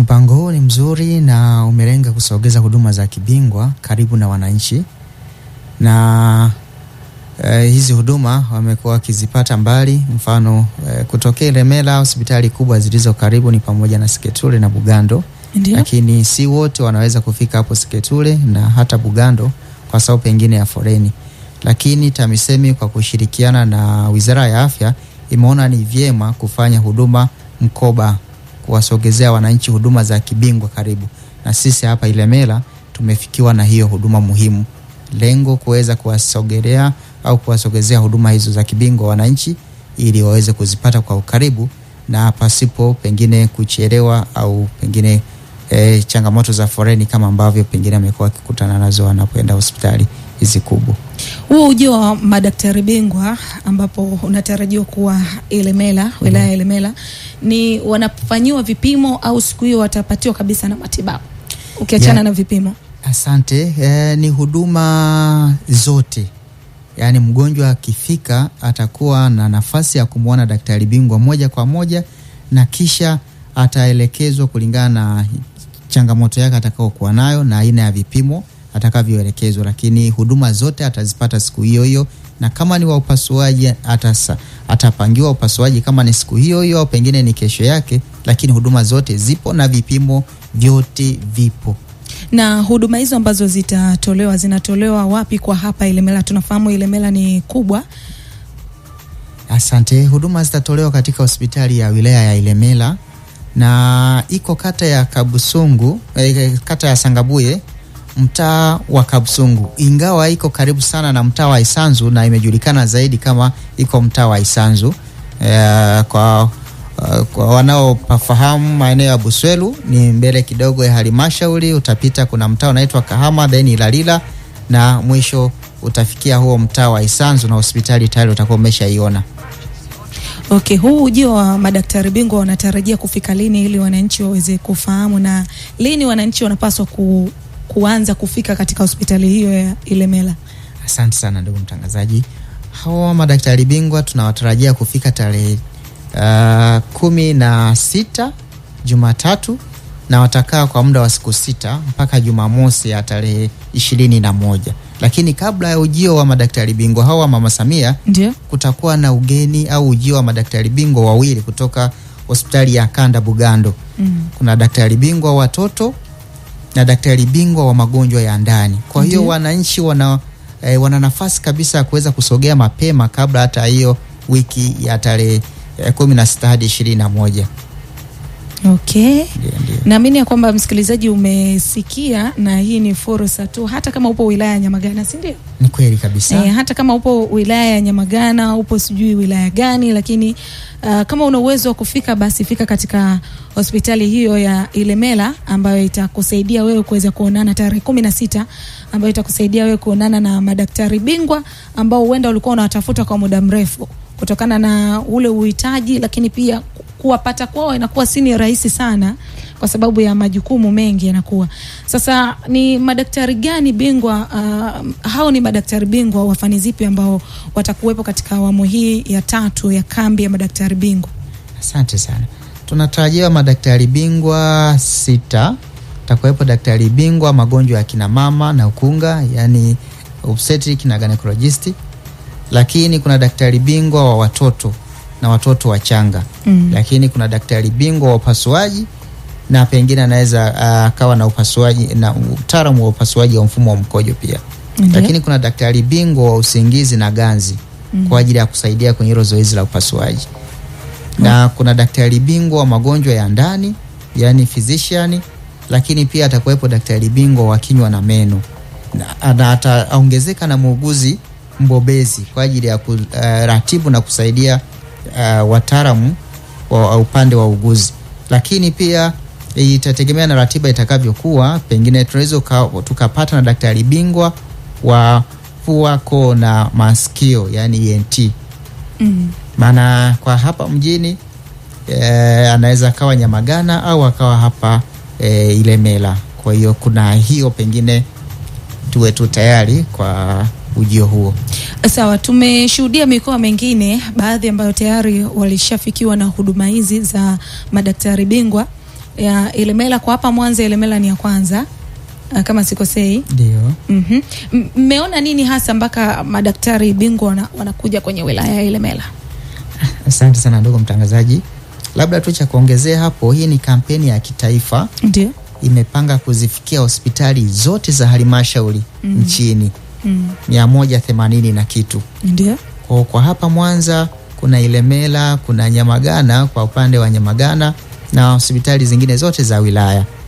Mpango huu ni mzuri na umelenga kusogeza huduma za kibingwa karibu na wananchi na e, hizi huduma wamekuwa wakizipata mbali. Mfano e, kutokea Ilemela, hospitali kubwa zilizo karibu ni pamoja na Siketule na Bugando. Ndiyo. Lakini si wote wanaweza kufika hapo Siketule na hata Bugando kwa sababu pengine ya foreni, lakini TAMISEMI kwa kushirikiana na Wizara ya Afya imeona ni vyema kufanya huduma mkoba kuwasogezea wananchi huduma za kibingwa karibu. Na sisi hapa Ilemela tumefikiwa na hiyo huduma muhimu, lengo kuweza kuwasogelea au kuwasogezea huduma hizo za kibingwa wananchi ili waweze kuzipata kwa ukaribu na pasipo pengine kuchelewa au pengine e, changamoto za foreni kama ambavyo pengine amekuwa akikutana nazo anapoenda hospitali hizi kubwa. Huo ujio wa madaktari bingwa ambapo unatarajiwa kuwa Ilemela, wilaya ya Ilemela, ni wanafanyiwa vipimo au siku hiyo watapatiwa kabisa na matibabu ukiachana yeah, na vipimo? Asante. Eh, ni huduma zote yaani mgonjwa akifika atakuwa na nafasi ya kumwona daktari bingwa moja kwa moja, na kisha ataelekezwa kulingana na changamoto yake atakayokuwa nayo na aina ya vipimo atakavyoelekezwa, lakini huduma zote atazipata siku hiyo hiyo, na kama ni wa upasuaji atasa, atapangiwa upasuaji kama ni siku hiyo hiyo au pengine ni kesho yake, lakini huduma zote zipo na vipimo vyote vipo na huduma hizo ambazo zitatolewa zinatolewa wapi kwa hapa Ilemela? Tunafahamu Ilemela ni kubwa. Asante. Huduma zitatolewa katika hospitali ya wilaya ya Ilemela na iko kata ya Kabusungu, eh, kata ya Sangabuye mtaa wa Kabsungu, ingawa iko karibu sana na mtaa wa Isanzu na imejulikana zaidi kama iko mtaa wa Isanzu. E, kwa, eh, kwa wanaopafahamu maeneo ya Buswelu ni mbele kidogo ya halmashauri, utapita kuna mtaa unaitwa Kahama then Ilalila na mwisho utafikia huo mtaa wa Isanzu na hospitali tayari utakuwa umeshaiona. Okay, huu ujio wa madaktari bingwa wanatarajia kufika lini ili wananchi waweze kufahamu, na lini wananchi wanapaswa ku kuanza kufika katika hospitali hiyo ya Ilemela. Asante sana ndugu mtangazaji. Hawa madaktari bingwa tunawatarajia kufika tarehe uh, kumi na sita Jumatatu na watakaa kwa muda wa siku sita mpaka Jumamosi ya tarehe ishirini na moja lakini kabla ya ujio wa madaktari bingwa hawa Mama Samia, ndio kutakuwa na ugeni au ujio wa madaktari bingwa wawili kutoka hospitali ya Kanda Bugando. Mm. Kuna daktari bingwa watoto na daktari bingwa wa magonjwa ya ndani. Kwa hiyo mhm. wananchi wana, e, wana nafasi kabisa ya kuweza kusogea mapema kabla hata hiyo wiki ya tarehe eh, kumi na sita hadi ishirini na moja. Okay. Naamini ya kwamba msikilizaji umesikia, na hii ni fursa tu, hata kama upo wilaya ya Nyamagana, si ndio? Ni kweli kabisa. E, hata kama upo wilaya ya Nyamagana, upo sijui wilaya gani, lakini uh, kama una uwezo wa kufika, basi fika katika hospitali hiyo ya Ilemela ambayo itakusaidia wewe kuweza kuonana tarehe kumi na sita ambayo itakusaidia wewe kuonana na madaktari bingwa ambao huenda ulikuwa unawatafuta kwa muda mrefu kutokana na ule uhitaji, lakini pia kuwapata kwao inakuwa si ni rahisi sana kwa sababu ya majukumu mengi yanakuwa. Sasa ni madaktari gani bingwa uh, hao ni madaktari bingwa wa fani zipi ambao watakuwepo katika awamu hii ya tatu ya kambi ya madaktari bingwa? Asante sana. Tunatarajia madaktari bingwa sita. Takuwepo daktari bingwa magonjwa ya kina mama na ukunga, yani obstetric na gynecologist lakini kuna daktari bingwa wa watoto na watoto wachanga mm. Lakini kuna daktari bingwa wa upasuaji na pengine anaweza ah, akawa uh, na upasuaji na utaalamu wa upasuaji wa mfumo wa mkojo pia mm. Lakini kuna daktari bingwa wa usingizi na ganzi mm. Kwa ajili ya kusaidia kwenye hilo zoezi la upasuaji mm. Na kuna daktari bingwa wa magonjwa ya ndani yani physician, lakini pia atakuwepo daktari bingwa wa kinywa na meno na ataongezeka na muuguzi mbobezi kwa ajili ya kuratibu eh, na kusaidia uh, wataalamu wa upande wa uguzi, lakini pia itategemea na ratiba itakavyokuwa. Pengine tunaweza tukapata na daktari bingwa wa pua, koo na masikio, yani ENT mm-hmm. maana mm. kwa hapa mjini e, anaweza akawa Nyamagana au akawa hapa e, Ilemela. Kwa hiyo kuna hiyo, pengine tuwe tu tayari kwa ujio huo. Sawa, tumeshuhudia mikoa mengine baadhi ambayo tayari walishafikiwa na huduma hizi za madaktari bingwa ya Ilemela. Kwa hapa Mwanza, Ilemela ni ya kwanza eh, kama sikosei, ndio. Mhm, mmeona nini hasa mpaka madaktari bingwa wanakuja kwenye wilaya ya Ilemela? Asante sana ndugu mtangazaji, labda tu cha kuongezea hapo, hii ni kampeni ya kitaifa ndio imepanga kuzifikia hospitali zote za halmashauri mm -hmm. nchini mia moja themanini na kitu ndio. Kwa, kwa hapa Mwanza kuna Ilemela, kuna Nyamagana kwa upande wa Nyamagana na hospitali zingine zote za wilaya.